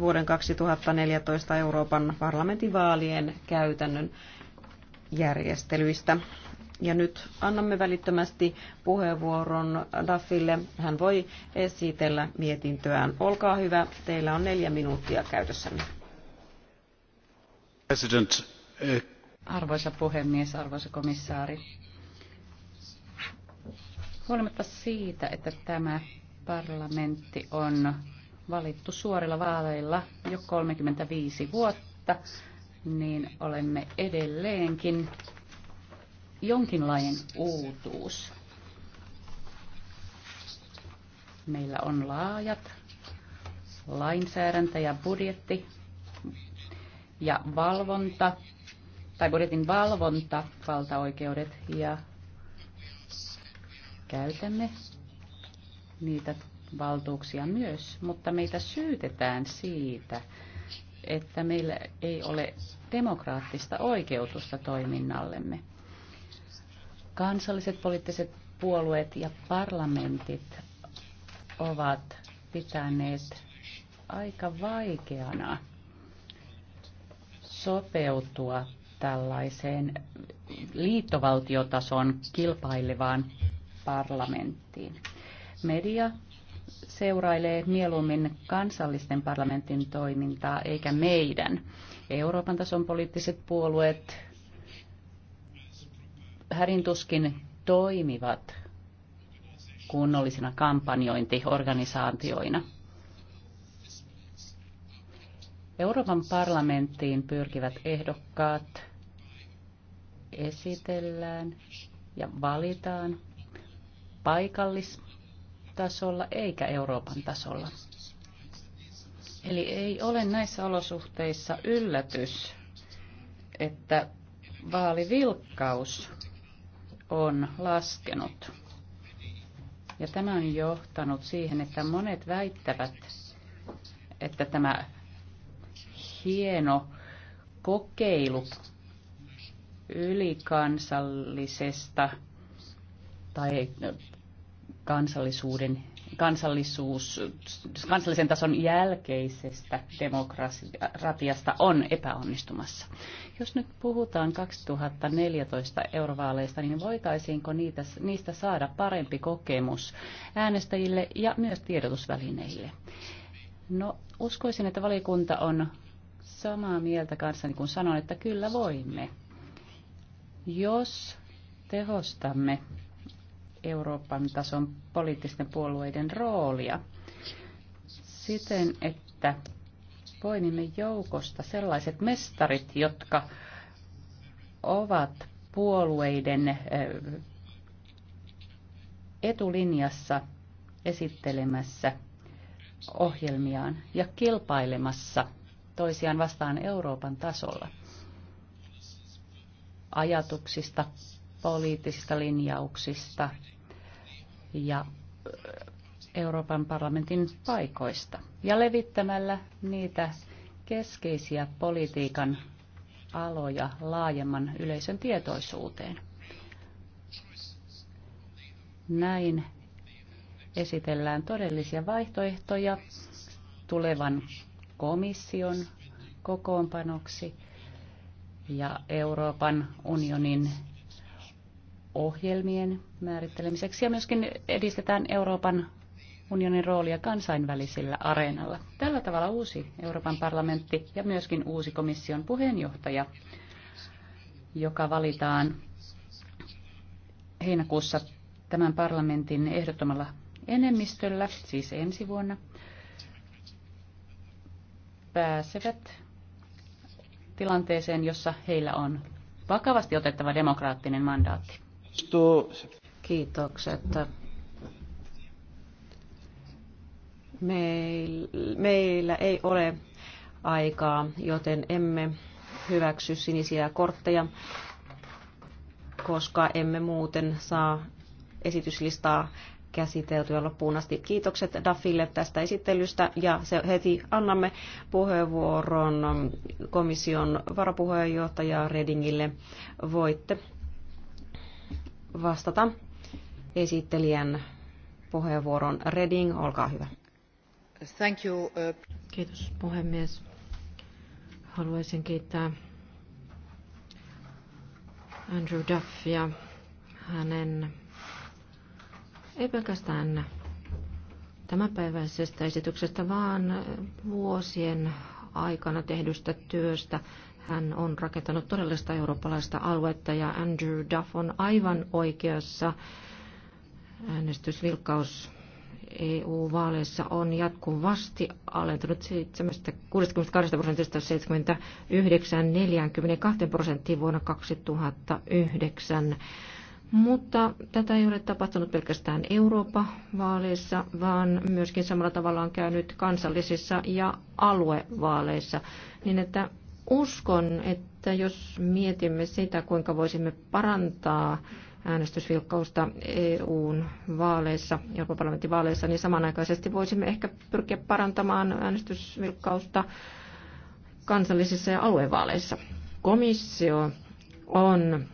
vuoden 2014 Euroopan parlamentin vaalien käytännön järjestelyistä. Ja nyt annamme välittömästi puheenvuoron Daffille. Hän voi esitellä mietintöään. Olkaa hyvä, teillä on neljä minuuttia käytössänne. President. Eh, arvoisa puhemies, arvoisa komissaari. Huolimatta siitä, että tämä parlamentti on valittu suorilla vaaleilla jo 35 vuotta, niin olemme edelleenkin jonkinlainen uutuus. Meillä on laajat lainsäädäntö ja budjetti ja valvonta, tai budjetin valvonta, valtaoikeudet ja käytämme niitä valtuuksia myös, mutta meitä syytetään siitä, että meillä ei ole demokraattista oikeutusta toiminnallemme. Kansalliset poliittiset puolueet ja parlamentit ovat pitäneet aika vaikeana sopeutua tällaiseen liittovaltiotason kilpailevaan parlamenttiin. Media seurailee mieluummin kansallisten parlamentin toimintaa eikä meidän. Euroopan tason poliittiset puolueet härintuskin toimivat kunnollisina kampanjointiorganisaatioina. Euroopan parlamenttiin pyrkivät ehdokkaat esitellään ja valitaan paikallis- tasolla eikä Euroopan tasolla. Eli ei ole näissä olosuhteissa yllätys, että vaalivilkkaus on laskenut. Ja tämä on johtanut siihen, että monet väittävät, että tämä hieno kokeilu ylikansallisesta tai kansallisuuden, kansallisuus, kansallisen tason jälkeisestä demokratiasta on epäonnistumassa. Jos nyt puhutaan 2014 eurovaaleista, niin voitaisiinko niitä, niistä saada parempi kokemus äänestäjille ja myös tiedotusvälineille? No, uskoisin, että valiokunta on samaa mieltä kanssani, kun sanon, että kyllä voimme. Jos tehostamme Euroopan tason poliittisten puolueiden roolia siten, että poimimme joukosta sellaiset mestarit, jotka ovat puolueiden eh, etulinjassa esittelemässä ohjelmiaan ja kilpailemassa toisiaan vastaan Euroopan tasolla ajatuksista, poliittisista linjauksista ja Euroopan parlamentin paikoista ja levittämällä niitä keskeisiä politiikan aloja laajemman yleisön tietoisuuteen. Näin esitellään todellisia vaihtoehtoja tulevan komission kokoonpanoksi ja Euroopan unionin ohjelmien määrittelemiseksi ja myöskin edistetään Euroopan unionin roolia kansainvälisillä areenalla. Tällä tavalla uusi Euroopan parlamentti ja myöskin uusi komission puheenjohtaja, joka valitaan heinäkuussa tämän parlamentin ehdottomalla enemmistöllä, siis ensi vuonna, pääsevät tilanteeseen, jossa heillä on vakavasti otettava demokraattinen mandaatti. Kiitokset. Meillä ei ole aikaa, joten emme hyväksy sinisiä kortteja, koska emme muuten saa esityslistaa käsiteltyä loppuun asti. Kiitokset Daffille tästä esittelystä ja se heti annamme puheenvuoron komission varapuheenjohtaja Redingille. Voitte vastata esittelijän puheenvuoron. Reding, olkaa hyvä. Thank you. Uh, Kiitos puhemies. Haluaisin kiittää Andrew Duffia hänen ei pelkästään tämänpäiväisestä esityksestä, vaan vuosien aikana tehdystä työstä hän on rakentanut todellista eurooppalaista aluetta ja Andrew Duff on aivan oikeassa. Äänestysvilkkaus EU-vaaleissa on jatkuvasti alentunut 62 prosentista 79 42 prosenttia vuonna 2009. Mutta tätä ei ole tapahtunut pelkästään Eurooppa-vaaleissa, vaan myöskin samalla tavalla on käynyt kansallisissa ja aluevaaleissa, niin että Uskon, että jos mietimme sitä, kuinka voisimme parantaa äänestysvilkkausta EUn vaaleissa, Euroopan parlamentin vaaleissa, niin samanaikaisesti voisimme ehkä pyrkiä parantamaan äänestysvilkkausta kansallisissa ja aluevaaleissa. Komissio on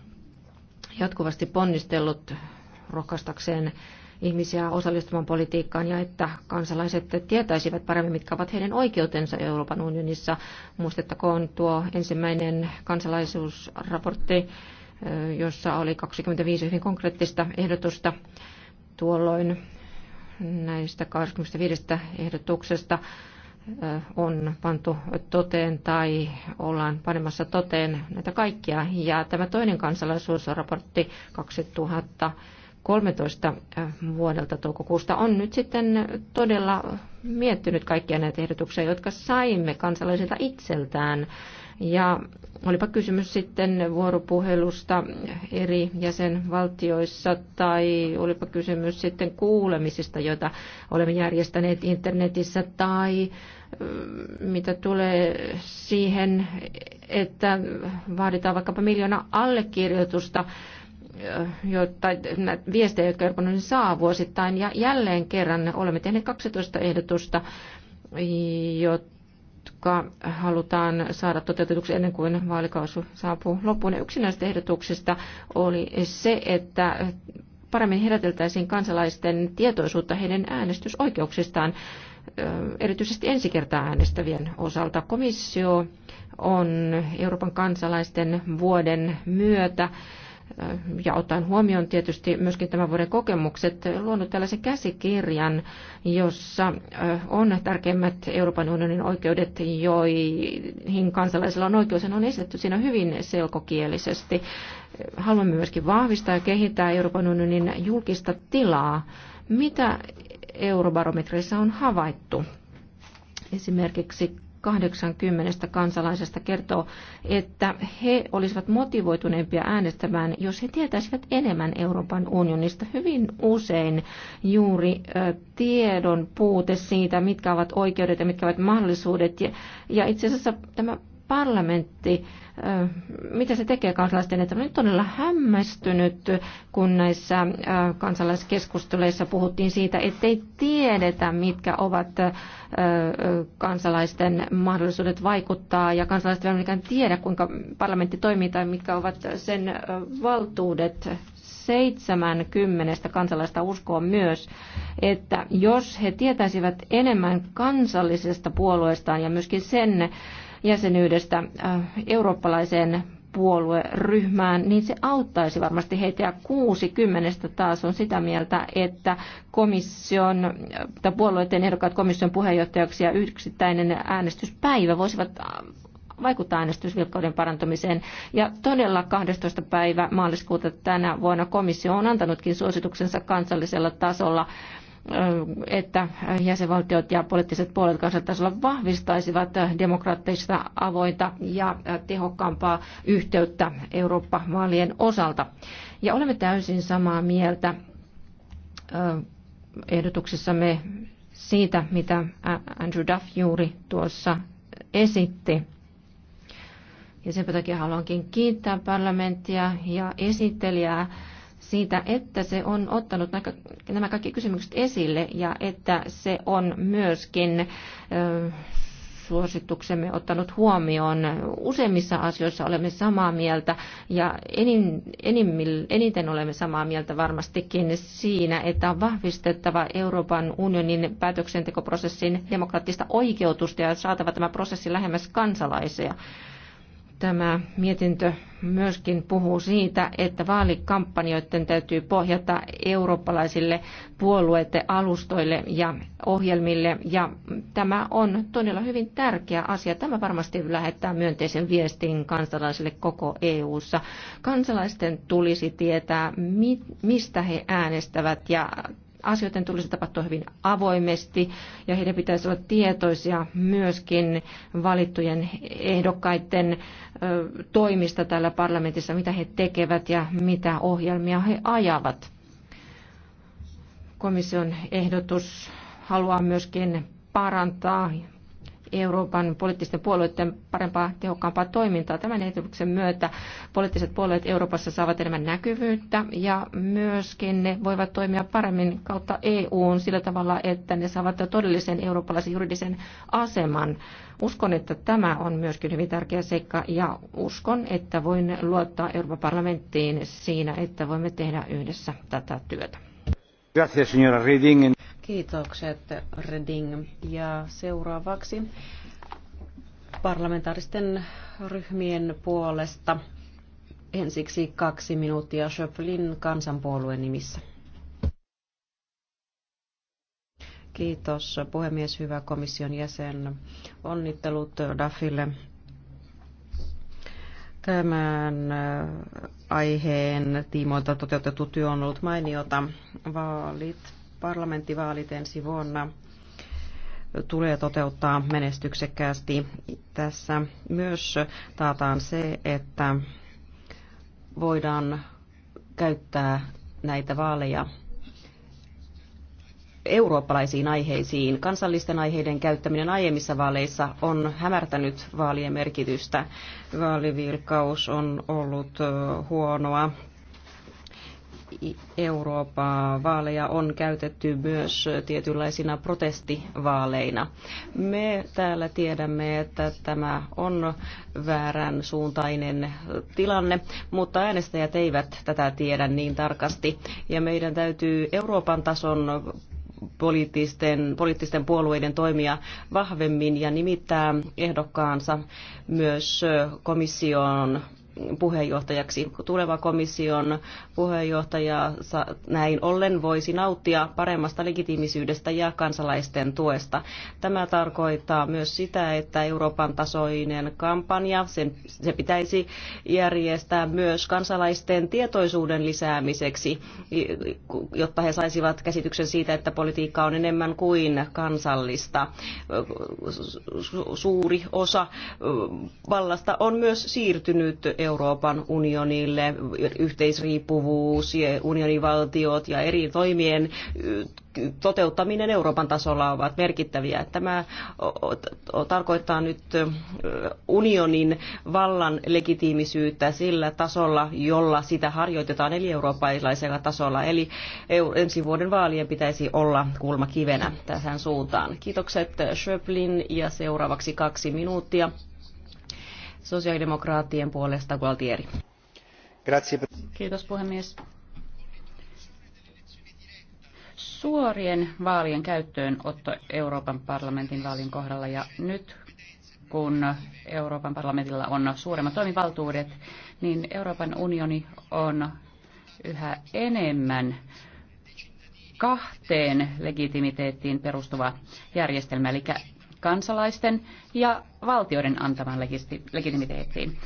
jatkuvasti ponnistellut rohkaistakseen ihmisiä osallistumaan politiikkaan ja että kansalaiset tietäisivät paremmin, mitkä ovat heidän oikeutensa Euroopan unionissa. Muistettakoon tuo ensimmäinen kansalaisuusraportti, jossa oli 25 hyvin konkreettista ehdotusta tuolloin näistä 25 ehdotuksesta on pantu toteen tai ollaan panemassa toteen näitä kaikkia. Ja tämä toinen kansalaisuusraportti 2000 2013 äh, vuodelta toukokuusta on nyt sitten todella miettinyt kaikkia näitä ehdotuksia, jotka saimme kansalaisilta itseltään. Ja olipa kysymys sitten vuoropuhelusta eri jäsenvaltioissa tai olipa kysymys sitten kuulemisista, joita olemme järjestäneet internetissä tai äh, mitä tulee siihen, että vaaditaan vaikkapa miljoona allekirjoitusta jo, tai viestejä, jotka Euroopan unioni saa vuosittain. Ja jälleen kerran olemme tehneet 12 ehdotusta, jotka halutaan saada toteutetuksi ennen kuin vaalikausi saapuu loppuun. Ja yksi näistä ehdotuksista oli se, että paremmin heräteltäisiin kansalaisten tietoisuutta heidän äänestysoikeuksistaan, erityisesti ensi kertaa äänestävien osalta. Komissio on Euroopan kansalaisten vuoden myötä ja ottaen huomioon tietysti myöskin tämän vuoden kokemukset, luonut tällaisen käsikirjan, jossa on tärkeimmät Euroopan unionin oikeudet, joihin kansalaisilla on oikeus, ja ne on esitetty siinä hyvin selkokielisesti. Haluamme myöskin vahvistaa ja kehittää Euroopan unionin julkista tilaa. Mitä eurobarometreissa on havaittu? Esimerkiksi 80 kansalaisesta kertoo, että he olisivat motivoituneempia äänestämään, jos he tietäisivät enemmän Euroopan unionista. Hyvin usein juuri tiedon puute siitä, mitkä ovat oikeudet ja mitkä ovat mahdollisuudet. Ja, ja itse asiassa tämä parlamentti, mitä se tekee kansalaisten eteen? Olen todella hämmästynyt, kun näissä kansalaiskeskusteluissa puhuttiin siitä, ettei tiedetä, mitkä ovat kansalaisten mahdollisuudet vaikuttaa, ja kansalaiset eivät tiedä, kuinka parlamentti toimii tai mitkä ovat sen valtuudet 70 kansalaista uskoo myös, että jos he tietäisivät enemmän kansallisesta puolueestaan ja myöskin sen jäsenyydestä äh, eurooppalaiseen puolueryhmään, niin se auttaisi varmasti heitä. Ja 60 taas on sitä mieltä, että komission, tai puolueiden ehdokkaat komission puheenjohtajaksi ja yksittäinen äänestyspäivä voisivat äh, vaikuttaa äänestysvilkkauden parantumiseen. Ja todella 12. päivä maaliskuuta tänä vuonna komissio on antanutkin suosituksensa kansallisella tasolla että jäsenvaltiot ja poliittiset puolet kansantasolla vahvistaisivat demokraattista avointa ja tehokkaampaa yhteyttä Eurooppa-vaalien osalta. Ja olemme täysin samaa mieltä ehdotuksessamme siitä, mitä Andrew Duff juuri tuossa esitti. Ja sen takia haluankin kiittää parlamenttia ja esittelijää siitä, että se on ottanut nämä kaikki kysymykset esille ja että se on myöskin suosituksemme ottanut huomioon. Useimmissa asioissa olemme samaa mieltä ja enin, enimmil, eniten olemme samaa mieltä varmastikin siinä, että on vahvistettava Euroopan unionin päätöksentekoprosessin demokraattista oikeutusta ja saatava tämä prosessi lähemmäs kansalaisia. Tämä mietintö myöskin puhuu siitä, että vaalikampanjoiden täytyy pohjata eurooppalaisille puolueiden alustoille ja ohjelmille. Ja tämä on todella hyvin tärkeä asia. Tämä varmasti lähettää myönteisen viestin kansalaisille koko EU-ssa. Kansalaisten tulisi tietää, mistä he äänestävät ja Asioiden tulisi tapahtua hyvin avoimesti ja heidän pitäisi olla tietoisia myöskin valittujen ehdokkaiden toimista täällä parlamentissa, mitä he tekevät ja mitä ohjelmia he ajavat. Komission ehdotus haluaa myöskin parantaa Euroopan poliittisten puolueiden parempaa, tehokkaampaa toimintaa. Tämän ehdotuksen myötä poliittiset puolueet Euroopassa saavat enemmän näkyvyyttä ja myöskin ne voivat toimia paremmin kautta EUn sillä tavalla, että ne saavat todellisen eurooppalaisen juridisen aseman. Uskon, että tämä on myöskin hyvin tärkeä seikka ja uskon, että voin luottaa Euroopan parlamenttiin siinä, että voimme tehdä yhdessä tätä työtä. Gracias, señora Reding. Kiitokset, Reding. Ja seuraavaksi parlamentaaristen ryhmien puolesta ensiksi kaksi minuuttia Schöpflin kansanpuolueen nimissä. Kiitos puhemies, hyvä komission jäsen. Onnittelut DAFille tämän aiheen tiimoilta toteutettu työ on ollut mainiota. Vaalit parlamenttivaalit ensi vuonna tulee toteuttaa menestyksekkäästi. Tässä myös taataan se, että voidaan käyttää näitä vaaleja eurooppalaisiin aiheisiin. Kansallisten aiheiden käyttäminen aiemmissa vaaleissa on hämärtänyt vaalien merkitystä. Vaalivirkaus on ollut huonoa Euroopan vaaleja on käytetty myös tietynlaisina protestivaaleina. Me täällä tiedämme, että tämä on väärän suuntainen tilanne, mutta äänestäjät eivät tätä tiedä niin tarkasti. Ja meidän täytyy Euroopan tason poliittisten, poliittisten puolueiden toimia vahvemmin ja nimittää ehdokkaansa myös komission puheenjohtajaksi. Tuleva komission puheenjohtaja näin ollen voisi nauttia paremmasta legitiimisyydestä ja kansalaisten tuesta. Tämä tarkoittaa myös sitä, että Euroopan tasoinen kampanja, sen, se pitäisi järjestää myös kansalaisten tietoisuuden lisäämiseksi, jotta he saisivat käsityksen siitä, että politiikka on enemmän kuin kansallista. Suuri osa vallasta on myös siirtynyt Euroopan unionille, yhteisriippuvuus, unionivaltiot ja eri toimien toteuttaminen Euroopan tasolla ovat merkittäviä. Tämä tarkoittaa nyt unionin vallan legitiimisyyttä sillä tasolla, jolla sitä harjoitetaan, eli eurooppalaisella tasolla. Eli ensi vuoden vaalien pitäisi olla kulmakivenä tähän suuntaan. Kiitokset Schöplin ja seuraavaksi kaksi minuuttia sosiaalidemokraattien puolesta Gualtieri. Kiitos puhemies. Suorien vaalien käyttöönotto Euroopan parlamentin vaalien kohdalla ja nyt kun Euroopan parlamentilla on suuremmat toimivaltuudet, niin Euroopan unioni on yhä enemmän kahteen legitimiteettiin perustuva järjestelmä, eli kansalaisten ja valtioiden antamaan legitimiteettiin.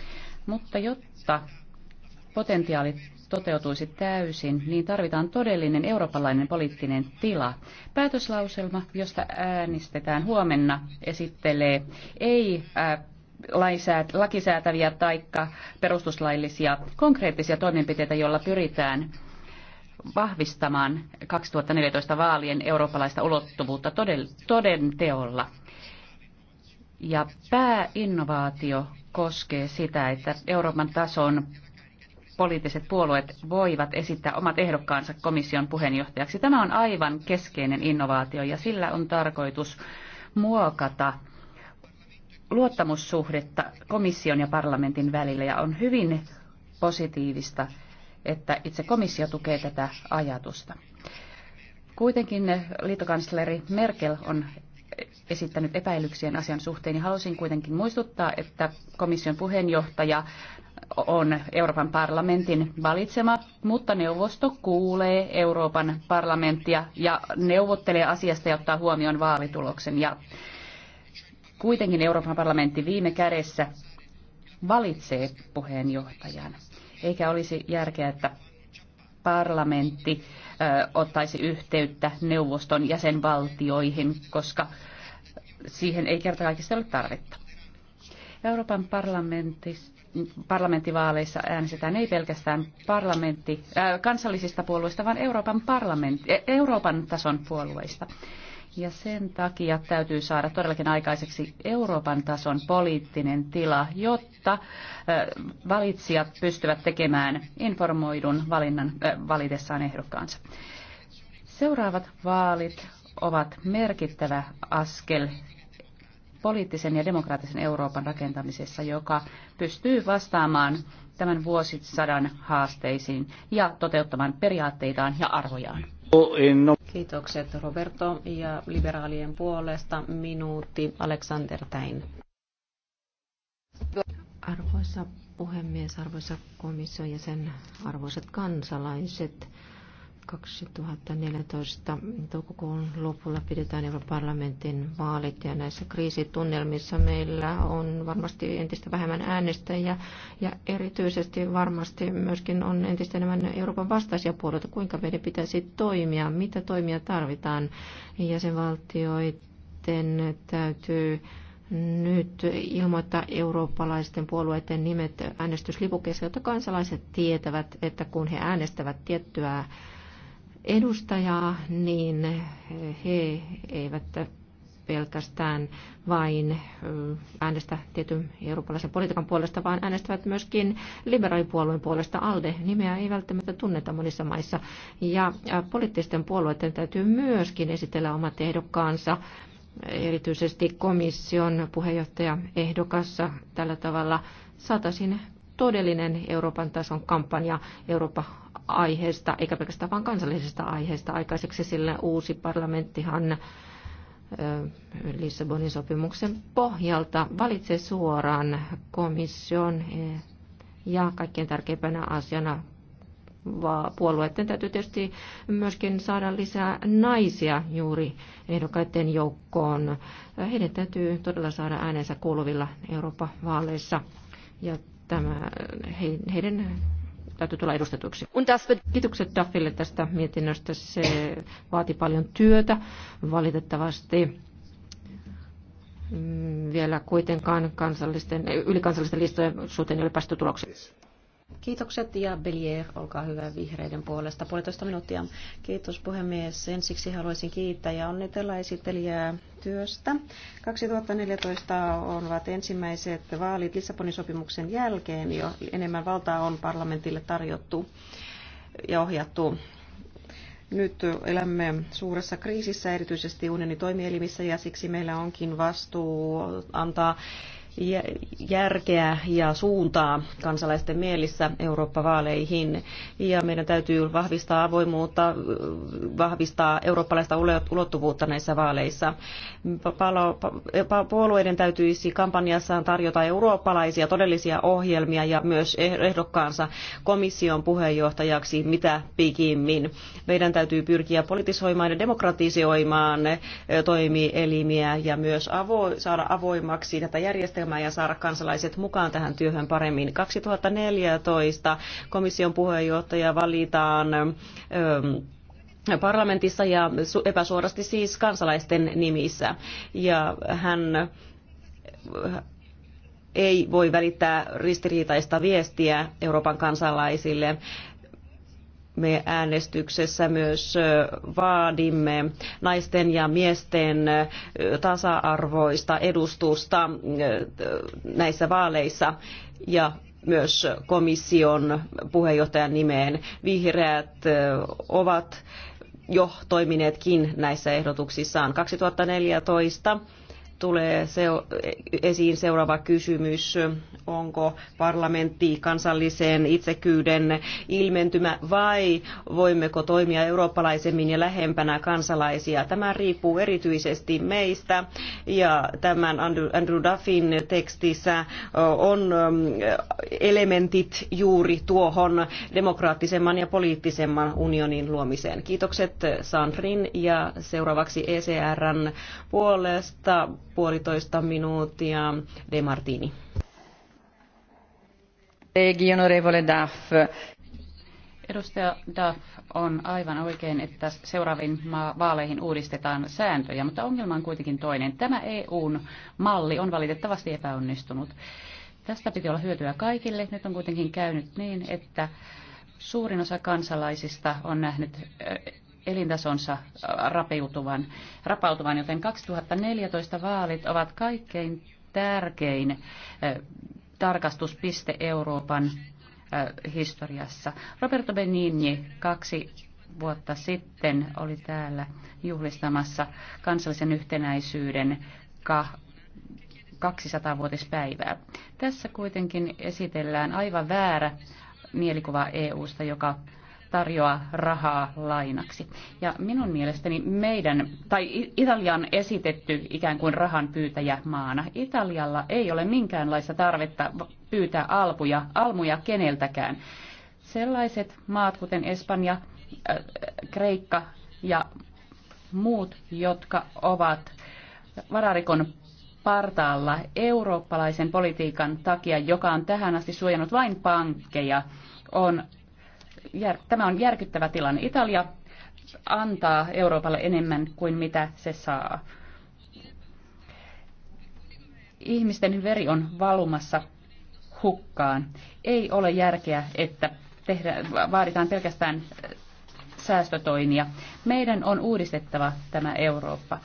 Mutta jotta potentiaali toteutuisi täysin, niin tarvitaan todellinen eurooppalainen poliittinen tila. Päätöslauselma, josta äänestetään huomenna, esittelee ei äh, lainsäät, lakisäätäviä tai perustuslaillisia konkreettisia toimenpiteitä, joilla pyritään vahvistamaan 2014 vaalien eurooppalaista ulottuvuutta toden, toden teolla. Ja pääinnovaatio koskee sitä, että Euroopan tason poliittiset puolueet voivat esittää omat ehdokkaansa komission puheenjohtajaksi. Tämä on aivan keskeinen innovaatio ja sillä on tarkoitus muokata luottamussuhdetta komission ja parlamentin välillä ja on hyvin positiivista, että itse komissio tukee tätä ajatusta. Kuitenkin liittokansleri Merkel on esittänyt epäilyksien asian suhteen, niin halusin kuitenkin muistuttaa, että komission puheenjohtaja on Euroopan parlamentin valitsema, mutta neuvosto kuulee Euroopan parlamenttia ja neuvottelee asiasta ja ottaa huomioon vaalituloksen. Ja kuitenkin Euroopan parlamentti viime kädessä valitsee puheenjohtajan, eikä olisi järkeä, että parlamentti ottaisi yhteyttä neuvoston jäsenvaltioihin, koska siihen ei kerta kaikista ole tarvetta. Euroopan parlamenttivaaleissa äänestetään ei pelkästään parlamentti, äh, kansallisista puolueista, vaan Euroopan, parlamentti, Euroopan tason puolueista. Ja sen takia täytyy saada todellakin aikaiseksi Euroopan tason poliittinen tila, jotta valitsijat pystyvät tekemään informoidun valinnan valitessaan ehdokkaansa. Seuraavat vaalit ovat merkittävä askel poliittisen ja demokraattisen Euroopan rakentamisessa, joka pystyy vastaamaan tämän vuosisadan haasteisiin ja toteuttamaan periaatteitaan ja arvojaan. Kiitokset Roberto ja liberaalien puolesta minuutti Alexander Täin. Arvoisa puhemies, arvoisa komission jäsen, arvoisat kansalaiset. 2014 toukokuun lopulla pidetään Euroopan parlamentin vaalit ja näissä kriisitunnelmissa meillä on varmasti entistä vähemmän äänestäjiä ja erityisesti varmasti myöskin on entistä enemmän Euroopan vastaisia puolueita, kuinka meidän pitäisi toimia, mitä toimia tarvitaan jäsenvaltioiden täytyy nyt ilmoittaa eurooppalaisten puolueiden nimet äänestyslipukeissa, jotta kansalaiset tietävät, että kun he äänestävät tiettyä edustajaa, niin he eivät pelkästään vain äänestä tietyn eurooppalaisen politiikan puolesta, vaan äänestävät myöskin liberaalipuolueen puolesta. ALDE nimeä ei välttämättä tunneta monissa maissa. Ja poliittisten puolueiden täytyy myöskin esitellä omat ehdokkaansa erityisesti komission puheenjohtaja ehdokassa tällä tavalla saataisiin todellinen Euroopan tason kampanja Eurooppa aiheesta, eikä pelkästään vain kansallisesta aiheesta aikaiseksi, sillä uusi parlamenttihan Lissabonin sopimuksen pohjalta valitsee suoraan komission e, ja kaikkein tärkeimpänä asiana puolueiden täytyy tietysti myöskin saada lisää naisia juuri ehdokkaiden joukkoon. Heidän täytyy todella saada äänensä kuuluvilla Euroopan vaaleissa ja tämä, heidän täytyy tulla edustetuksi. Kiitokset Daffille tästä mietinnöstä. Se vaati paljon työtä. Valitettavasti mm, vielä kuitenkaan kansallisten, ylikansallisten listojen suhteen ei ole päästy tulokseen. Kiitokset ja Belier, olkaa hyvä vihreiden puolesta. Puolitoista minuuttia. Kiitos puhemies. Ensiksi haluaisin kiittää ja onnitella esittelijää työstä. 2014 ovat ensimmäiset vaalit Lissabonin sopimuksen jälkeen jo. Enemmän valtaa on parlamentille tarjottu ja ohjattu nyt elämme suuressa kriisissä, erityisesti unionin toimielimissä, ja siksi meillä onkin vastuu antaa järkeä ja suuntaa kansalaisten mielissä Eurooppa-vaaleihin. Ja meidän täytyy vahvistaa avoimuutta, vahvistaa eurooppalaista ulottuvuutta näissä vaaleissa. Puolueiden täytyisi kampanjassaan tarjota eurooppalaisia todellisia ohjelmia ja myös eh, ehdokkaansa komission puheenjohtajaksi mitä pikimmin. Meidän täytyy pyrkiä politisoimaan ja demokratisoimaan eh, toimielimiä ja myös avo- saada avoimaksi tätä järjestelmää järjestelmää ja saada kansalaiset mukaan tähän työhön paremmin. 2014 komission puheenjohtaja valitaan ähm, parlamentissa ja epäsuorasti siis kansalaisten nimissä. Ja hän äh, ei voi välittää ristiriitaista viestiä Euroopan kansalaisille me äänestyksessä myös vaadimme naisten ja miesten tasa-arvoista edustusta näissä vaaleissa ja myös komission puheenjohtajan nimeen. Vihreät ovat jo toimineetkin näissä ehdotuksissaan 2014 tulee esiin seuraava kysymys. Onko parlamentti kansallisen itsekyyden ilmentymä vai voimmeko toimia eurooppalaisemmin ja lähempänä kansalaisia? Tämä riippuu erityisesti meistä ja tämän Andrew Duffin tekstissä on elementit juuri tuohon demokraattisemman ja poliittisemman unionin luomiseen. Kiitokset Sandrin ja seuraavaksi ECRn puolesta puolitoista minuuttia. De Martini. Edustaja Duff on aivan oikein, että seuraaviin vaaleihin uudistetaan sääntöjä, mutta ongelma on kuitenkin toinen. Tämä EUn malli on valitettavasti epäonnistunut. Tästä piti olla hyötyä kaikille. Nyt on kuitenkin käynyt niin, että suurin osa kansalaisista on nähnyt elintasonsa rapeutuvan, rapautuvan, joten 2014 vaalit ovat kaikkein tärkein tarkastuspiste Euroopan historiassa. Roberto Benigni kaksi vuotta sitten oli täällä juhlistamassa kansallisen yhtenäisyyden 200-vuotispäivää. Tässä kuitenkin esitellään aivan väärä mielikuva EUsta, joka tarjoaa rahaa lainaksi. Ja minun mielestäni meidän, tai Italian esitetty ikään kuin rahan pyytäjä maana. Italialla ei ole minkäänlaista tarvetta pyytää alpuja, almuja keneltäkään. Sellaiset maat, kuten Espanja, äh, Kreikka ja muut, jotka ovat vararikon partaalla eurooppalaisen politiikan takia, joka on tähän asti suojannut vain pankkeja, on tämä on järkyttävä tilanne. Italia antaa Euroopalle enemmän kuin mitä se saa. Ihmisten veri on valumassa hukkaan. Ei ole järkeä, että tehdä, vaaditaan pelkästään säästötoimia. Meidän on uudistettava tämä Eurooppa,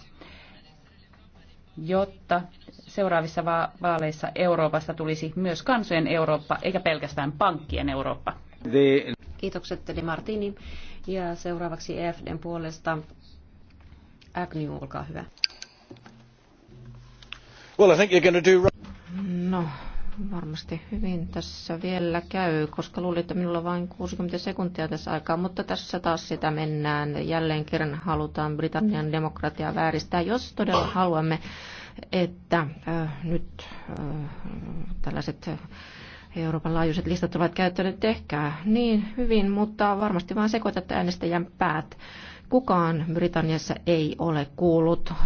jotta seuraavissa vaaleissa Euroopasta tulisi myös kansojen Eurooppa, eikä pelkästään pankkien Eurooppa. Kiitokset De Martini. Ja seuraavaksi EFDn puolesta Agnew, olkaa hyvä. Well, I think you're gonna do... No, varmasti hyvin tässä vielä käy, koska luulin, että minulla on vain 60 sekuntia tässä aikaa, mutta tässä taas sitä mennään. Jälleen kerran halutaan Britannian demokratiaa vääristää, jos todella haluamme, että äh, nyt äh, tällaiset äh, Euroopan laajuiset listat ovat käyttäneet, tehkää niin hyvin, mutta varmasti vain sekoitatte äänestäjän päät. Kukaan Britanniassa ei ole kuullut äh,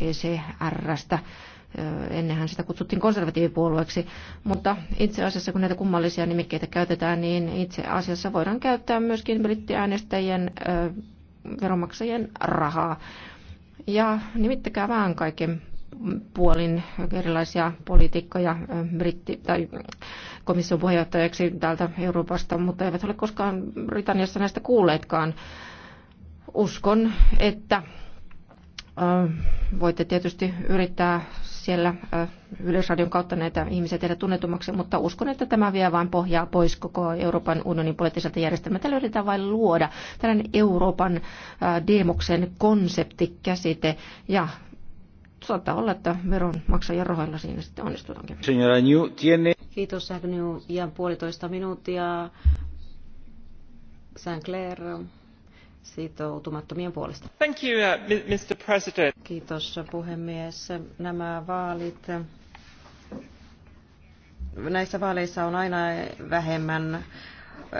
ECR-stä. Äh, ennenhän sitä kutsuttiin konservatiivipuolueeksi, mutta itse asiassa kun näitä kummallisia nimikkeitä käytetään, niin itse asiassa voidaan käyttää myöskin brittiäänestäjien äh, veronmaksajien rahaa. Ja nimittäkää vähän kaiken puolin erilaisia poliitikkoja britti- tai komission puheenjohtajaksi täältä Euroopasta, mutta eivät ole koskaan Britanniassa näistä kuulleetkaan. Uskon, että voitte tietysti yrittää siellä Yleisradion kautta näitä ihmisiä tehdä tunnetummaksi, mutta uskon, että tämä vie vain pohjaa pois koko Euroopan unionin poliittiselta järjestelmältä. Yritetään vain luoda tällainen Euroopan demoksen konseptikäsite ja saattaa olla, että veronmaksajan rahoilla siinä sitten onnistutaankin. Senora New, tiene... Kiitos Agnew. Ja puolitoista minuuttia. Clair sitoutumattomien puolesta. Thank you, uh, Mr. President. Kiitos puhemies. Nämä vaalit näissä vaaleissa on aina vähemmän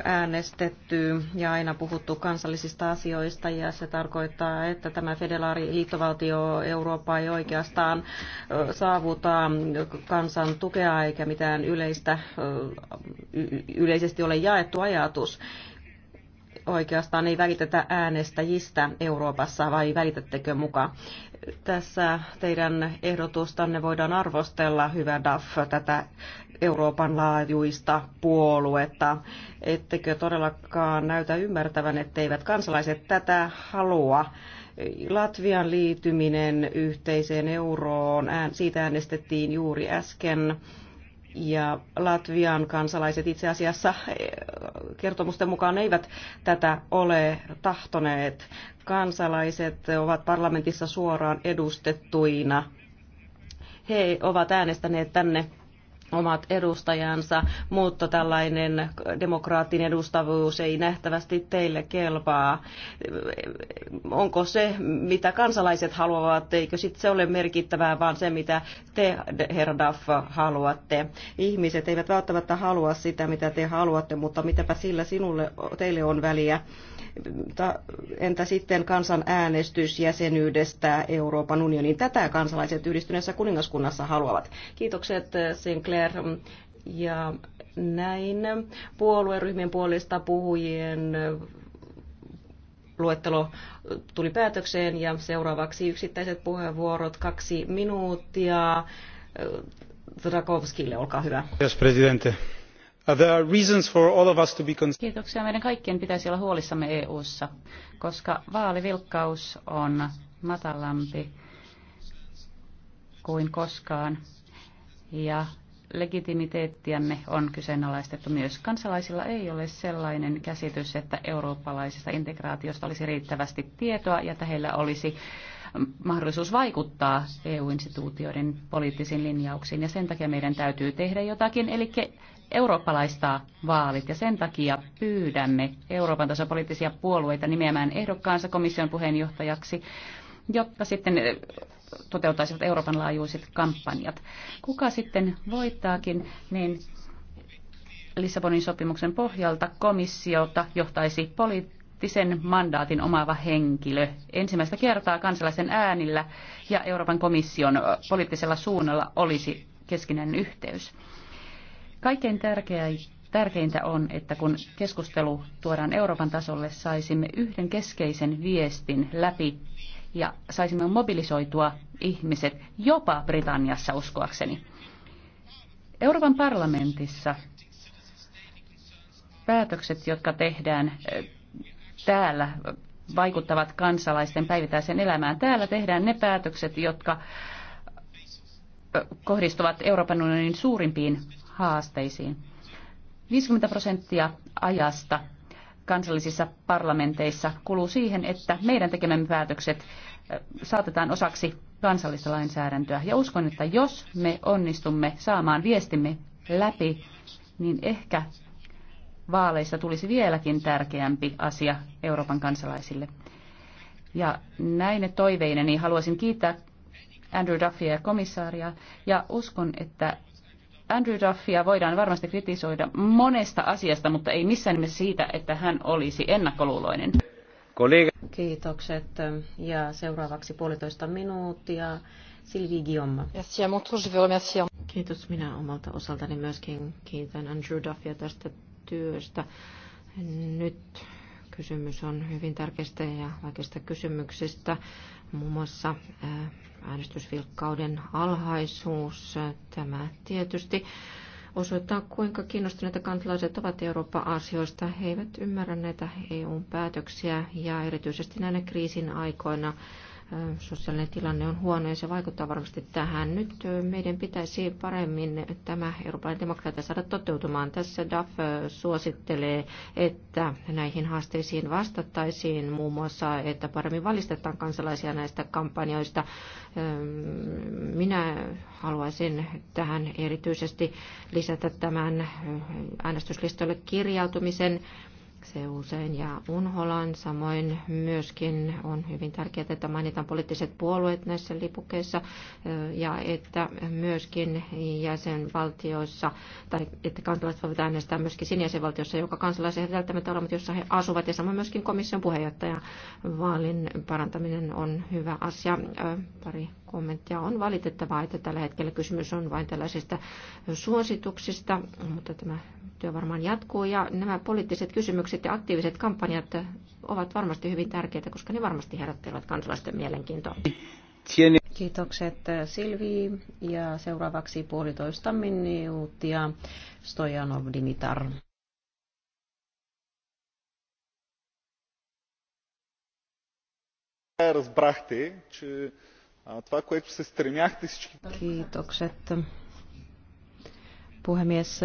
äänestetty ja aina puhuttu kansallisista asioista ja se tarkoittaa, että tämä federaali liittovaltio Eurooppa ei oikeastaan saavuta kansan tukea eikä mitään yleistä, yleisesti ole jaettu ajatus oikeastaan ei välitetä äänestäjistä Euroopassa vai välitettekö mukaan Tässä teidän ehdotustanne voidaan arvostella, hyvä DAF, tätä Euroopan laajuista puoluetta. Ettekö todellakaan näytä ymmärtävän, etteivät kansalaiset tätä halua? Latvian liityminen yhteiseen euroon, siitä äänestettiin juuri äsken. Ja Latvian kansalaiset itse asiassa eh, kertomusten mukaan eivät tätä ole tahtoneet. Kansalaiset ovat parlamentissa suoraan edustettuina. He ovat äänestäneet tänne omat edustajansa, mutta tällainen demokraattinen edustavuus ei nähtävästi teille kelpaa. Onko se, mitä kansalaiset haluavat, eikö sitten se ole merkittävää, vaan se, mitä te, herra Duff, haluatte. Ihmiset eivät välttämättä halua sitä, mitä te haluatte, mutta mitäpä sillä sinulle, teille on väliä entä sitten kansanäänestys jäsenyydestä Euroopan unioniin? Tätä kansalaiset yhdistyneessä kuningaskunnassa haluavat. Kiitokset eh, Sinclair ja näin puolueryhmien puolesta puhujien eh, luettelo tuli päätökseen ja seuraavaksi yksittäiset puheenvuorot, kaksi minuuttia. Eh, Drakovskille, olkaa hyvä. Kiitos, presidente. Uh, there are reasons for all of us to be Kiitoksia. Meidän kaikkien pitäisi olla huolissamme EU:ssa, koska vaalivilkkaus on matalampi kuin koskaan ja legitimiteettiämme on kyseenalaistettu myös. Kansalaisilla ei ole sellainen käsitys, että eurooppalaisesta integraatiosta olisi riittävästi tietoa ja että heillä olisi mm, mahdollisuus vaikuttaa EU-instituutioiden poliittisiin linjauksiin ja sen takia meidän täytyy tehdä jotakin, eli eurooppalaista vaalit ja sen takia pyydämme Euroopan tasapoliittisia puolueita nimeämään ehdokkaansa komission puheenjohtajaksi, jotta sitten eh, toteuttaisivat Euroopan laajuiset kampanjat. Kuka sitten voittaakin, niin Lissabonin sopimuksen pohjalta komissiota johtaisi poliittisen mandaatin omaava henkilö ensimmäistä kertaa kansalaisen äänillä ja Euroopan komission eh, poliittisella suunnalla olisi keskinäinen yhteys. Kaikkein tärkeintä on, että kun keskustelu tuodaan Euroopan tasolle, saisimme yhden keskeisen viestin läpi ja saisimme mobilisoitua ihmiset jopa Britanniassa uskoakseni. Euroopan parlamentissa päätökset, jotka tehdään täällä, vaikuttavat kansalaisten päivittäiseen elämään. Täällä tehdään ne päätökset, jotka kohdistuvat Euroopan unionin suurimpiin haasteisiin. 50 prosenttia ajasta kansallisissa parlamenteissa kuluu siihen, että meidän tekemämme päätökset saatetaan osaksi kansallista lainsäädäntöä. Ja uskon, että jos me onnistumme saamaan viestimme läpi, niin ehkä vaaleissa tulisi vieläkin tärkeämpi asia Euroopan kansalaisille. Ja näin toiveineni haluaisin kiittää Andrew Duffia ja komissaaria, ja uskon, että Andrew Duffia voidaan varmasti kritisoida monesta asiasta, mutta ei missään nimessä siitä, että hän olisi ennakkoluuloinen. Kollega. Kiitokset. Ja seuraavaksi puolitoista minuuttia. Sylvie Guillaume. Kiitos minä omalta osaltani myöskin. Kiitän Andrew Duffia tästä työstä. Nyt kysymys on hyvin tärkeistä ja vaikeista kysymyksistä muun muassa äänestysvilkkauden alhaisuus. Tämä tietysti osoittaa, kuinka kiinnostuneita kansalaiset ovat Euroopan asioista. He eivät ymmärrä näitä eu päätöksiä ja erityisesti näinä kriisin aikoina Äh, sosiaalinen tilanne on huono ja se vaikuttaa varmasti tähän. Nyt äh, meidän pitäisi paremmin tämä Euroopan demokratia saada toteutumaan. Tässä DAF äh, suosittelee, että näihin haasteisiin vastattaisiin muun muassa, että paremmin valistetaan kansalaisia näistä kampanjoista. Ähm, minä haluaisin tähän erityisesti lisätä tämän äänestyslistalle kirjautumisen se usein ja unholan. Samoin myöskin on hyvin tärkeää, että mainitaan poliittiset puolueet näissä lipukeissa ja että myöskin jäsenvaltioissa, tai että kansalaiset voivat äänestää myöskin siinä jäsenvaltiossa, joka kansalaiset ei välttämättä ole, mutta jossa he asuvat. Ja samoin myöskin komission puheenjohtajan vaalin parantaminen on hyvä asia. Pari kommenttia. On valitettavaa, että tällä hetkellä kysymys on vain tällaisista suosituksista, mutta tämä työ varmaan jatkuu. Ja nämä poliittiset kysymykset ja aktiiviset kampanjat ovat varmasti hyvin tärkeitä, koska ne varmasti herättävät kansalaisten mielenkiintoa. Kiitokset Silvi ja seuraavaksi puolitoista minuuttia Stojanov Dimitar. разбрахте, че Това, което се стремяхте всички... Kiitokset. Puhemies,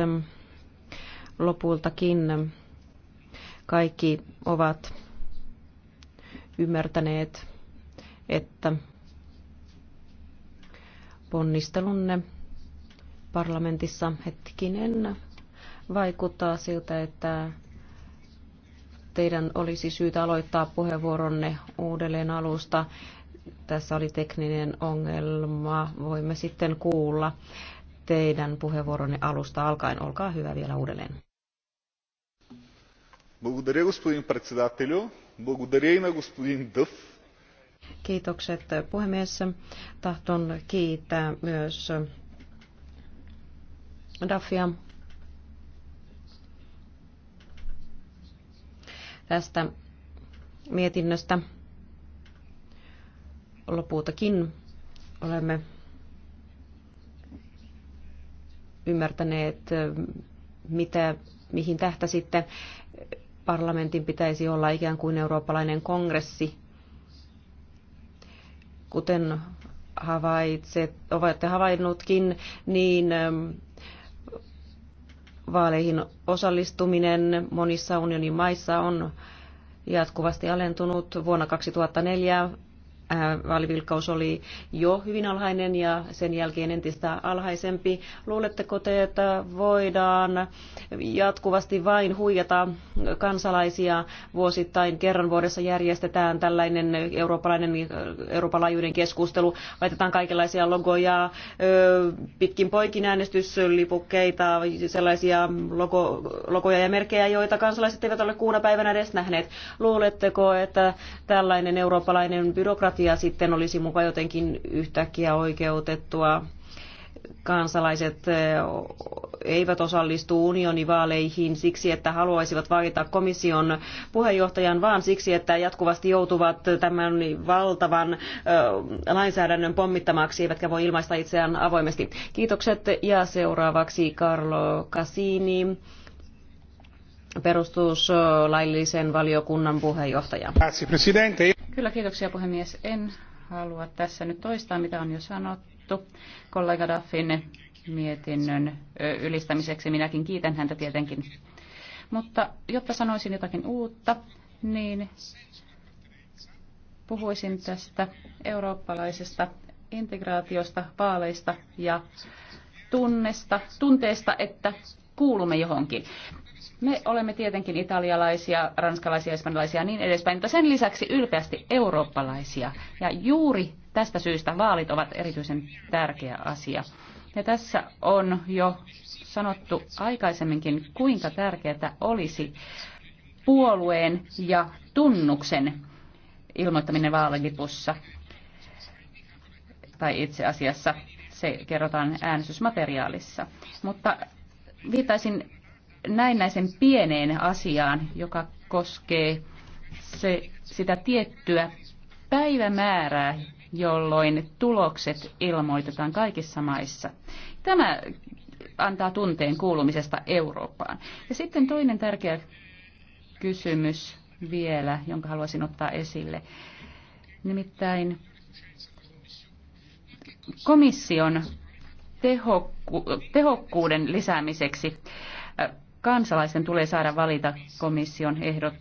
lopultakin kaikki ovat ymmärtäneet, että ponnistelunne parlamentissa hetkinen vaikuttaa siltä, että teidän olisi syytä aloittaa puheenvuoronne uudelleen alusta tässä oli tekninen ongelma. Voimme sitten kuulla teidän puheenvuoronne alusta alkaen. Olkaa hyvä vielä uudelleen. Kiitokset puhemies. Tahton kiittää myös Daffia tästä mietinnöstä lopultakin olemme ymmärtäneet, mitä, mihin tähtä sitten Parlamentin pitäisi olla ikään kuin eurooppalainen kongressi, kuten havaitset, olette havainnutkin, niin ähm, vaaleihin osallistuminen monissa unionin maissa on jatkuvasti alentunut. Vuonna 2004 vaalivilkkaus oli jo hyvin alhainen ja sen jälkeen entistä alhaisempi. Luuletteko te, että voidaan jatkuvasti vain huijata kansalaisia vuosittain? Kerran vuodessa järjestetään tällainen eurooppalainen, Euroopan laajuinen keskustelu. Laitetaan kaikenlaisia logoja, pitkin poikin äänestyslipukkeita, sellaisia logo, logoja ja merkejä, joita kansalaiset eivät ole kuuna päivänä edes nähneet. Luuletteko, että tällainen eurooppalainen byrokratia demokratia sitten olisi muka jotenkin yhtäkkiä oikeutettua kansalaiset eivät osallistu unionivaaleihin siksi, että haluaisivat valita komission puheenjohtajan, vaan siksi, että jatkuvasti joutuvat tämän valtavan lainsäädännön pommittamaksi, eivätkä voi ilmaista itseään avoimesti. Kiitokset ja seuraavaksi Carlo Cassini perustuslaillisen valiokunnan puheenjohtaja. Kyllä, kiitoksia puhemies. En halua tässä nyt toistaa, mitä on jo sanottu. Kollega Daffin mietinnön ylistämiseksi minäkin kiitän häntä tietenkin. Mutta jotta sanoisin jotakin uutta, niin puhuisin tästä eurooppalaisesta integraatiosta, vaaleista ja tunnesta, tunteesta, että kuulumme johonkin. Me olemme tietenkin italialaisia, ranskalaisia, espanjalaisia ja niin edespäin, mutta sen lisäksi ylpeästi eurooppalaisia. Ja juuri tästä syystä vaalit ovat erityisen tärkeä asia. Ja tässä on jo sanottu aikaisemminkin, kuinka tärkeää olisi puolueen ja tunnuksen ilmoittaminen vaalilipussa. Tai itse asiassa se kerrotaan äänestysmateriaalissa. Mutta viittaisin näennäisen pieneen asiaan, joka koskee se, sitä tiettyä päivämäärää, jolloin tulokset ilmoitetaan kaikissa maissa. Tämä antaa tunteen kuulumisesta Eurooppaan. Ja sitten toinen tärkeä kysymys vielä, jonka haluaisin ottaa esille. Nimittäin komission tehokku, tehokkuuden lisäämiseksi kansalaisten tulee saada valita komission, ehdot,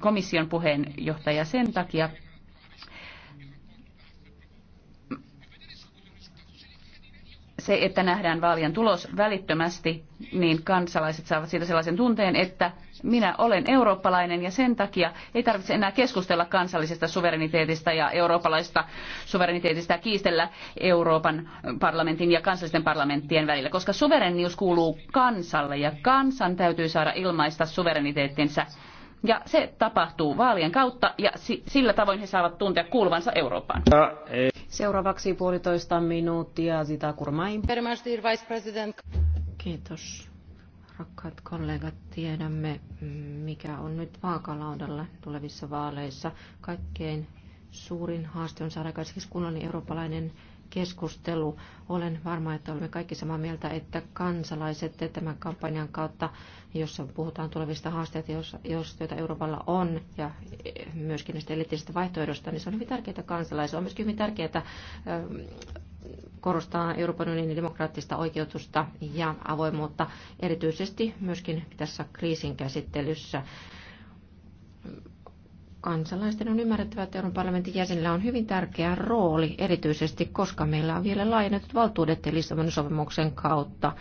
komission puheenjohtaja sen takia, se, että nähdään vaalien tulos välittömästi, niin kansalaiset saavat siitä sellaisen tunteen, että minä olen eurooppalainen ja sen takia ei tarvitse enää keskustella kansallisesta suvereniteetista ja eurooppalaisesta suvereniteetista ja kiistellä Euroopan parlamentin ja kansallisten parlamenttien välillä, koska suverenius kuuluu kansalle ja kansan täytyy saada ilmaista suvereniteettinsä. Ja se tapahtuu vaalien kautta ja sillä tavoin he saavat tuntea kuuluvansa Eurooppaan. E- Seuraavaksi puolitoista minuuttia Zita Kurmai. Kiitos Rakkaat kollegat, tiedämme, mikä on nyt vaakalaudalla tulevissa vaaleissa. Kaikkein suurin haaste on saada aikaiseksi kunnollinen eurooppalainen keskustelu. Olen varma, että olemme kaikki samaa mieltä, että kansalaiset tämän kampanjan kautta, jossa puhutaan tulevista haasteista, jos, työtä joita Euroopalla on, ja myöskin näistä eliittisistä vaihtoehdoista, niin se on hyvin tärkeää kansalaisille. On myöskin hyvin tärkeää korostaa Euroopan unionin demokraattista oikeutusta ja avoimuutta, erityisesti myöskin tässä kriisin käsittelyssä. Kansalaisten on ymmärrettävä, että Euroopan parlamentin jäsenillä on hyvin tärkeä rooli, erityisesti koska meillä on vielä laajennetut valtuudet Lissabonin sopimuksen kautta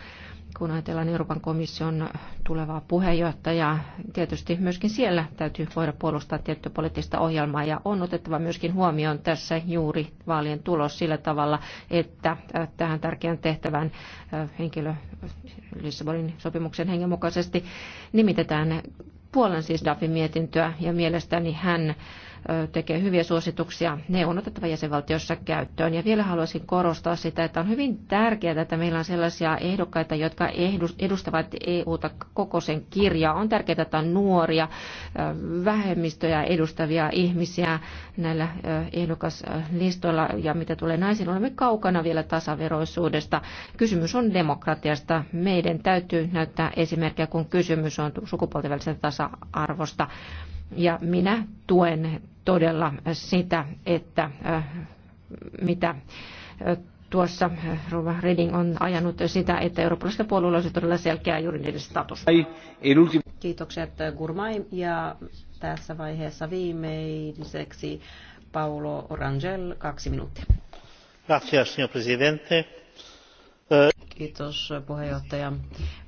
kun ajatellaan Euroopan komission tulevaa puheenjohtajaa, tietysti myöskin siellä täytyy voida puolustaa tiettyä poliittista ohjelmaa ja on otettava myöskin huomioon tässä juuri vaalien tulos sillä tavalla, että tähän tärkeän tehtävän henkilö Lissabonin sopimuksen hengen mukaisesti nimitetään puolen siis DAFin mietintöä ja mielestäni hän tekee hyviä suosituksia. Ne on otettava jäsenvaltiossa käyttöön. Ja vielä haluaisin korostaa sitä, että on hyvin tärkeää, että meillä on sellaisia ehdokkaita, jotka edustavat EUta koko sen kirjaa. On tärkeää, että on nuoria, vähemmistöjä edustavia ihmisiä näillä ehdokaslistoilla. Ja mitä tulee naisiin, olemme kaukana vielä tasaveroisuudesta. Kysymys on demokratiasta. Meidän täytyy näyttää esimerkkiä, kun kysymys on sukupuolten välisen tasa-arvosta. Ja minä tuen todella sitä, että mitä tuossa Rova Reding on ajanut sitä, että eurooppalaisella puolueella olisi todella selkeä juridinen status. Kiitokset Gurmai ja tässä vaiheessa viimeiseksi Paulo Orangel, kaksi minuuttia. Gracias, señor presidente. Kiitos puheenjohtaja.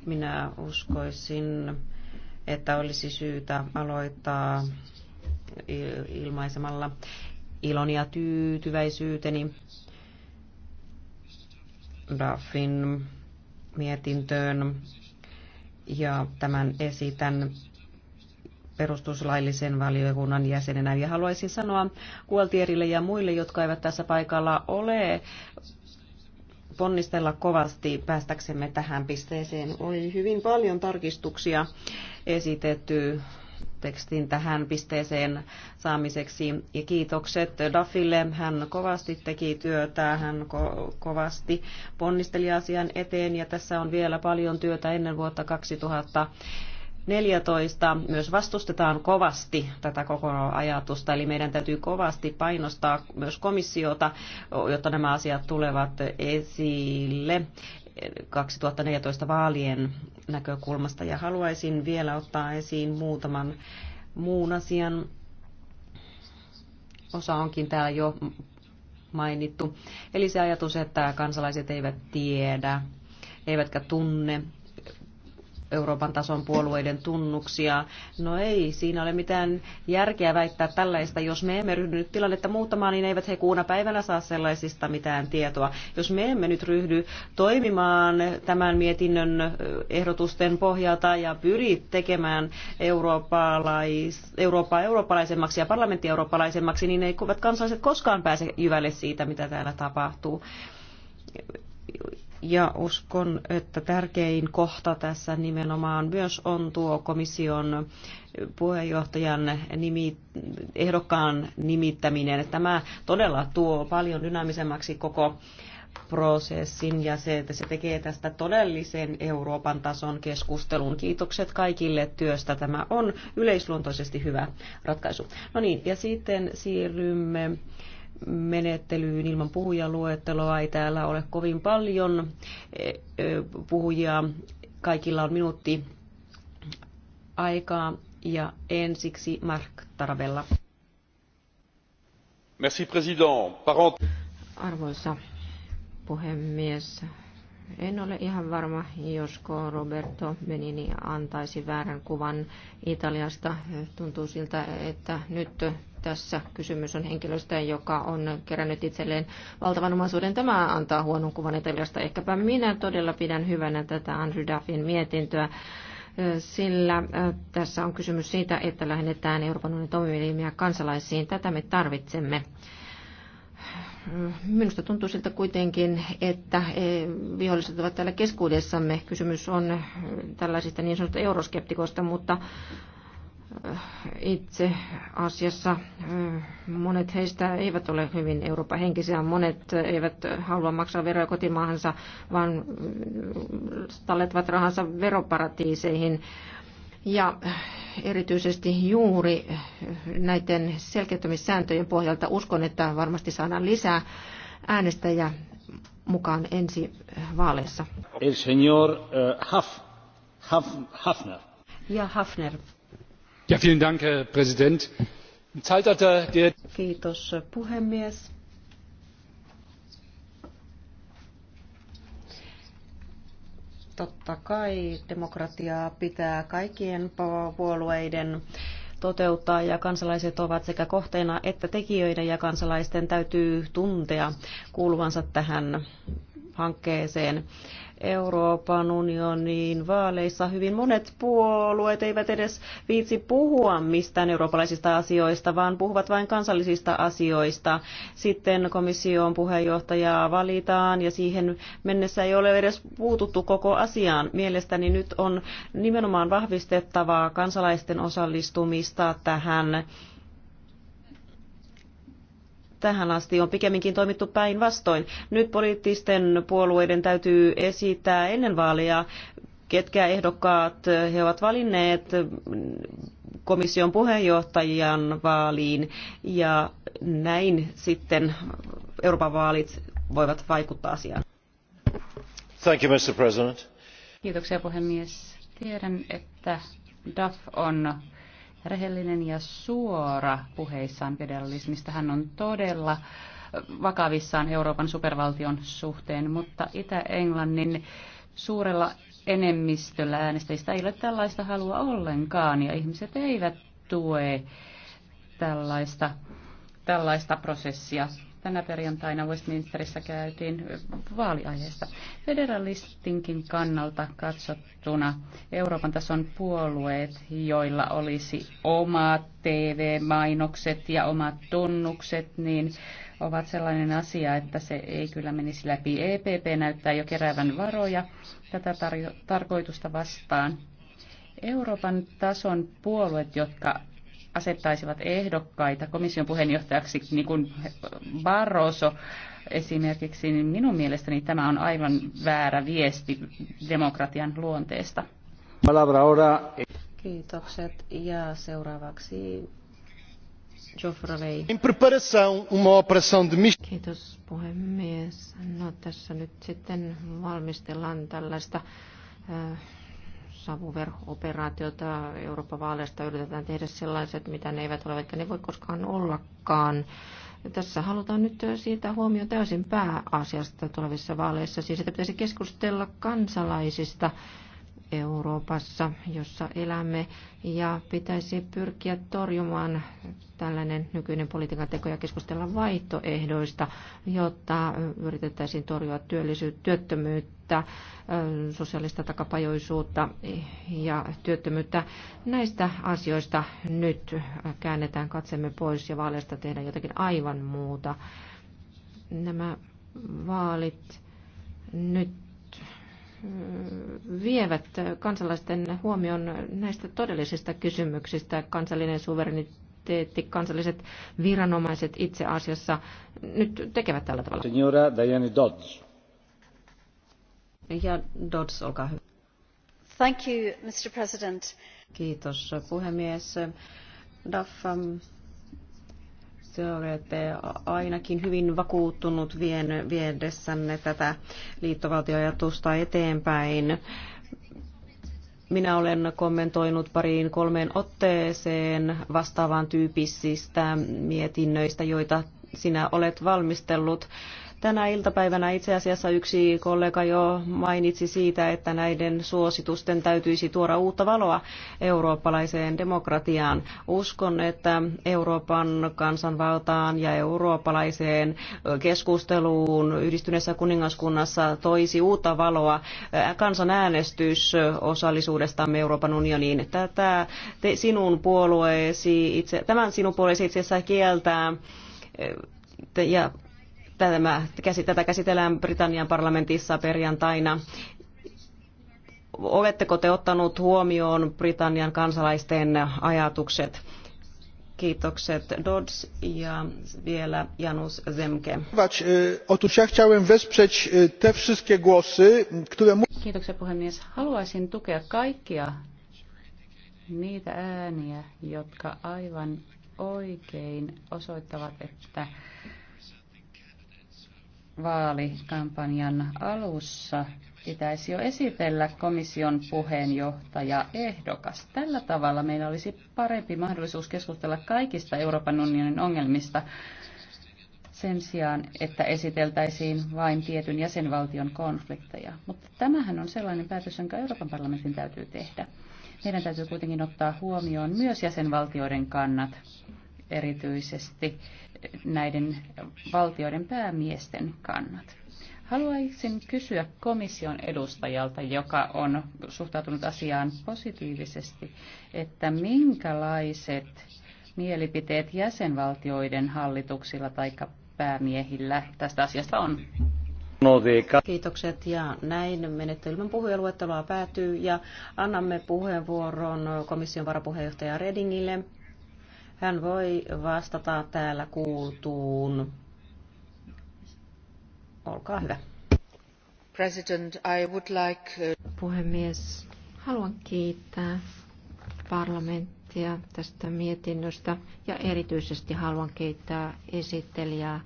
Minä uskoisin että olisi syytä aloittaa ilmaisemalla ilon ja tyytyväisyyteni Duffin mietintöön ja tämän esitän perustuslaillisen valiokunnan jäsenenä. Ja haluaisin sanoa Kuoltierille ja muille, jotka eivät tässä paikalla ole, ponnistella kovasti päästäksemme tähän pisteeseen. Oli hyvin paljon tarkistuksia esitetty tekstin tähän pisteeseen saamiseksi. Ja kiitokset Daffille. Hän kovasti teki työtä, hän ko- kovasti ponnisteli asian eteen ja tässä on vielä paljon työtä ennen vuotta 2000 14 myös vastustetaan kovasti tätä koko ajatusta, eli meidän täytyy kovasti painostaa myös komissiota, jotta nämä asiat tulevat esille. 2014 vaalien näkökulmasta ja haluaisin vielä ottaa esiin muutaman muun asian. Osa onkin täällä jo mainittu. Eli se ajatus, että kansalaiset eivät tiedä, eivätkä tunne Euroopan tason puolueiden tunnuksia. No ei, siinä ole mitään järkeä väittää tällaista. Jos me emme ryhdy nyt tilannetta muuttamaan, niin eivät he kuuna päivänä saa sellaisista mitään tietoa. Jos me emme nyt ryhdy toimimaan tämän mietinnön ehdotusten pohjalta ja pyri tekemään eurooppalais, Eurooppaa eurooppalaisemmaksi ja parlamentti eurooppalaisemmaksi, niin ei kuvat kansalaiset koskaan pääse jyvälle siitä, mitä täällä tapahtuu ja uskon, että tärkein kohta tässä nimenomaan myös on tuo komission puheenjohtajan nimi, ehdokkaan nimittäminen. Tämä todella tuo paljon dynaamisemmaksi koko prosessin ja se, että se tekee tästä todellisen Euroopan tason keskustelun. Kiitokset kaikille työstä. Tämä on yleisluontoisesti hyvä ratkaisu. No niin, ja sitten siirrymme menettelyyn ilman puhujaluetteloa. Ei täällä ole kovin paljon e, e, puhujia. Kaikilla on minuutti aikaa ja ensiksi Mark Tarabella. Merci, Arvoisa puhemies, en ole ihan varma, josko Roberto Benini antaisi väärän kuvan Italiasta. Tuntuu siltä, että nyt tässä kysymys on henkilöstä, joka on kerännyt itselleen valtavan omaisuuden. Tämä antaa huonon kuvan Italiasta. Ehkäpä minä todella pidän hyvänä tätä Andrew Duffin mietintöä sillä tässä on kysymys siitä, että lähennetään Euroopan unionin toimielimiä kansalaisiin. Tätä me tarvitsemme minusta tuntuu siltä kuitenkin, että e, viholliset ovat täällä keskuudessamme. Kysymys on e, tällaisista niin sanotusta euroskeptikoista, mutta e, itse asiassa monet heistä eivät ole hyvin Euroopan henkisiä. Monet eivät halua maksaa veroja kotimaahansa, vaan mm, tallettavat rahansa veroparatiiseihin ja äh, erityisesti juuri äh, näiden selkeyttämissääntöjen pohjalta uskon, että varmasti saadaan lisää äänestäjä mukaan ensi äh, vaaleissa. El señor uh, Haf, Haf, Hafner. Ja Hafner. Ja vielen Dank, Herr Präsident. Kiitos puhemies Totta kai demokratiaa pitää kaikkien puolueiden toteuttaa ja kansalaiset ovat sekä kohteena että tekijöiden ja kansalaisten täytyy tuntea kuuluvansa tähän hankkeeseen. Euroopan unionin vaaleissa hyvin monet puolueet eivät edes viitsi puhua mistään eurooppalaisista asioista, vaan puhuvat vain kansallisista asioista. Sitten komission puheenjohtajaa valitaan ja siihen mennessä ei ole edes puututtu koko asiaan. Mielestäni nyt on nimenomaan vahvistettavaa kansalaisten osallistumista tähän tähän asti on pikemminkin toimittu päinvastoin. Nyt poliittisten puolueiden täytyy esittää ennen vaaleja, ketkä ehdokkaat he ovat valinneet komission puheenjohtajan vaaliin ja näin sitten Euroopan vaalit voivat vaikuttaa asiaan. Thank you, Mr. President. Kiitoksia puhemies. Tiedän, että DAF on rehellinen ja suora puheissaan federalismista. Hän on todella vakavissaan Euroopan supervaltion suhteen, mutta Itä-Englannin suurella enemmistöllä äänestäjistä ei ole tällaista halua ollenkaan ja ihmiset eivät tue tällaista, tällaista prosessia tänä perjantaina Westminsterissä käytiin vaaliaiheesta. Federalistinkin kannalta katsottuna Euroopan tason puolueet, joilla olisi omat TV-mainokset ja omat tunnukset, niin ovat sellainen asia, että se ei kyllä menisi läpi. EPP näyttää jo keräävän varoja tätä tarkoitusta vastaan. Euroopan tason puolueet, jotka asettaisivat ehdokkaita komission puheenjohtajaksi, niin kuin Barroso esimerkiksi, niin minun mielestäni tämä on aivan väärä viesti demokratian luonteesta. Kiitokset. Ja seuraavaksi Geoffrey. Kiitos puhemies. No tässä nyt sitten valmistellaan tällaista äh, savuverho-operaatiota Euroopan vaaleista yritetään tehdä sellaiset, mitä ne eivät ole, vaikka ne voi koskaan ollakaan. Tässä halutaan nyt siitä huomio täysin pääasiasta tulevissa vaaleissa, siis että pitäisi keskustella kansalaisista Euroopassa, jossa elämme, ja pitäisi pyrkiä torjumaan tällainen nykyinen politiikan teko ja keskustella vaihtoehdoista, jotta yritettäisiin torjua työllisyyttä, työttömyyttä, sosiaalista takapajoisuutta ja työttömyyttä. Näistä asioista nyt käännetään katsemme pois ja vaaleista tehdään jotakin aivan muuta. Nämä vaalit nyt vievät kansalaisten huomion näistä todellisista kysymyksistä, kansallinen suvereniteetti, kansalliset viranomaiset itse asiassa nyt tekevät tällä tavalla. Signora Diane Dodds. Ja Dodds, olkaa hyvä. Thank you, Mr. President. Kiitos puhemies. DAFAM te olette ainakin hyvin vakuuttunut vien, viedessänne tätä liittovaltioajatusta eteenpäin. Minä olen kommentoinut pariin kolmeen otteeseen vastaavan tyyppisistä mietinnöistä, joita sinä olet valmistellut. Tänä iltapäivänä itse asiassa yksi kollega jo mainitsi siitä, että näiden suositusten täytyisi tuoda uutta valoa eurooppalaiseen demokratiaan. Uskon, että Euroopan kansanvaltaan ja eurooppalaiseen keskusteluun yhdistyneessä kuningaskunnassa toisi uutta valoa kansanäänestys osallisuudestamme Euroopan unioniin. Tätä te, sinun puolueesi itse, tämän sinun puolueesi itse asiassa kieltää eh, ja Tämä, tätä käsitellään Britannian parlamentissa perjantaina. Oletteko te ottanut huomioon Britannian kansalaisten ajatukset? Kiitokset Dodds ja vielä Janus Zemke. Otóż ja wesprzeć te wszystkie głosy, które... Kiitoksia puhemies. Haluaisin tukea kaikkia niitä ääniä, jotka aivan oikein osoittavat, että vaalikampanjan alussa pitäisi jo esitellä komission puheenjohtaja ehdokas. Tällä tavalla meillä olisi parempi mahdollisuus keskustella kaikista Euroopan unionin ongelmista sen sijaan, että esiteltäisiin vain tietyn jäsenvaltion konflikteja. Mutta tämähän on sellainen päätös, jonka Euroopan parlamentin täytyy tehdä. Meidän täytyy kuitenkin ottaa huomioon myös jäsenvaltioiden kannat, erityisesti näiden valtioiden päämiesten kannat. Haluaisin kysyä komission edustajalta, joka on suhtautunut asiaan positiivisesti, että minkälaiset mielipiteet jäsenvaltioiden hallituksilla tai päämiehillä tästä asiasta on? Kiitokset ja näin menettelymän puhujaluetteloa päätyy ja annamme puheenvuoron komission varapuheenjohtaja Redingille. Hän voi vastata täällä kuultuun. Olkaa hyvä. President, I would like... Uh, Puhemies, haluan kiittää parlamenttia tästä mietinnöstä ja erityisesti haluan kiittää esittelijää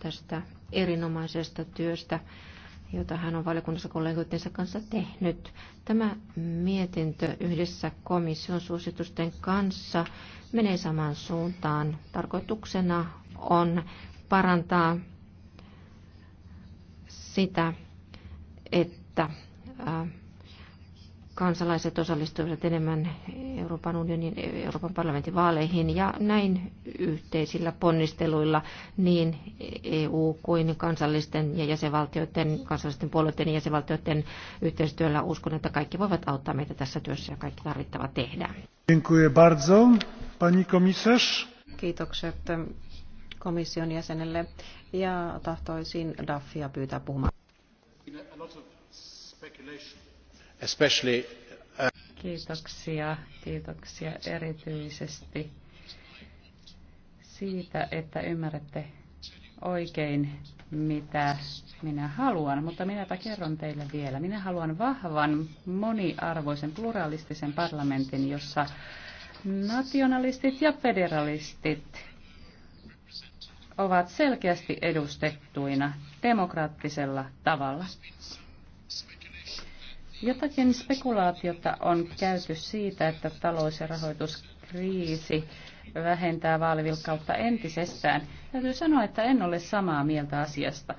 tästä erinomaisesta työstä, jota hän on valiokunnassa kollegoittensa kanssa tehnyt. Tämä mietintö yhdessä komission suositusten kanssa menee samaan suuntaan. Tarkoituksena on parantaa sitä, että kansalaiset osallistuivat enemmän Euroopan unionin Euroopan parlamentin vaaleihin ja näin yhteisillä ponnisteluilla niin EU kuin kansallisten ja jäsenvaltioiden, kansallisten puolueiden ja jäsenvaltioiden yhteistyöllä uskon, että kaikki voivat auttaa meitä tässä työssä ja kaikki tarvittava tehdään. Dziękuję bardzo. Pani Kiitokset komission jäsenelle ja tahtoisin Daffia pyytää puhumaan. Uh, kiitoksia, kiitoksia erityisesti siitä, että ymmärrätte oikein, mitä minä haluan, mutta minäpä kerron teille vielä. Minä haluan vahvan, moniarvoisen, pluralistisen parlamentin, jossa nationalistit ja federalistit ovat selkeästi edustettuina demokraattisella tavalla. Jotakin spekulaatiota on käyty siitä, että talous- ja rahoituskriisi vähentää vaalivilkkautta entisestään. Täytyy sanoa, että en ole samaa mieltä asiasta.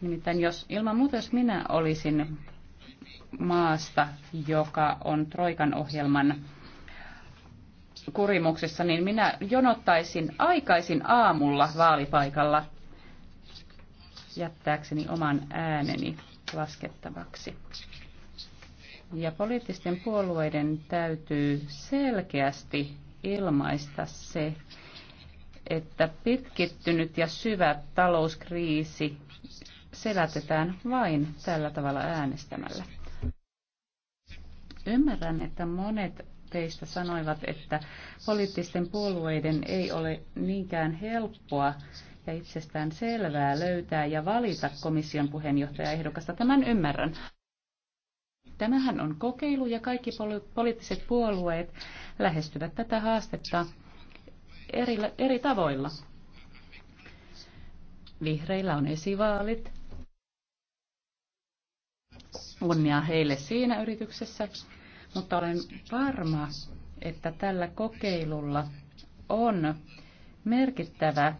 Nimittäin jos ilman muuta, jos minä olisin maasta, joka on Troikan ohjelman kurimuksessa, niin minä jonottaisin aikaisin aamulla vaalipaikalla jättääkseni oman ääneni laskettavaksi. Ja poliittisten puolueiden täytyy selkeästi ilmaista se, että pitkittynyt ja syvä talouskriisi selätetään vain tällä tavalla äänestämällä. Ymmärrän, että monet teistä sanoivat, että poliittisten puolueiden ei ole niinkään helppoa ja itsestään selvää löytää ja valita komission puheenjohtajaehdokasta. Tämän ymmärrän. Tämähän on kokeilu ja kaikki poliittiset puolueet lähestyvät tätä haastetta eri, eri tavoilla. Vihreillä on esivaalit. Onnea heille siinä yrityksessä mutta olen varma, että tällä kokeilulla on merkittävä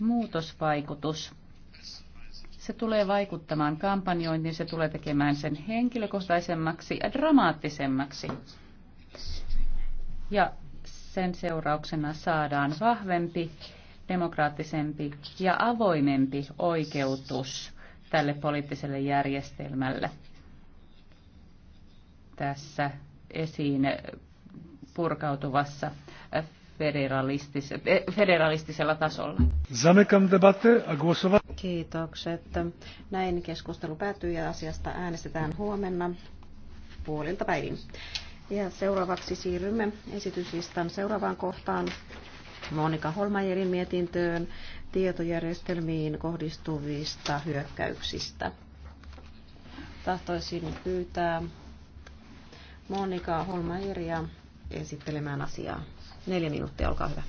muutosvaikutus. Se tulee vaikuttamaan kampanjointiin, se tulee tekemään sen henkilökohtaisemmaksi ja dramaattisemmaksi. Ja sen seurauksena saadaan vahvempi, demokraattisempi ja avoimempi oikeutus tälle poliittiselle järjestelmälle. Tässä esiin purkautuvassa federalistisella tasolla. Kiitokset. Näin keskustelu päätyy ja asiasta äänestetään huomenna puolilta päivin. Ja seuraavaksi siirrymme esityslistan seuraavaan kohtaan. Monika Holmajerin mietintöön tietojärjestelmiin kohdistuvista hyökkäyksistä. Tahtoisin pyytää Monika Holmajeria esittelemään asiaa. Neljä minuuttia, olkaa hyvä.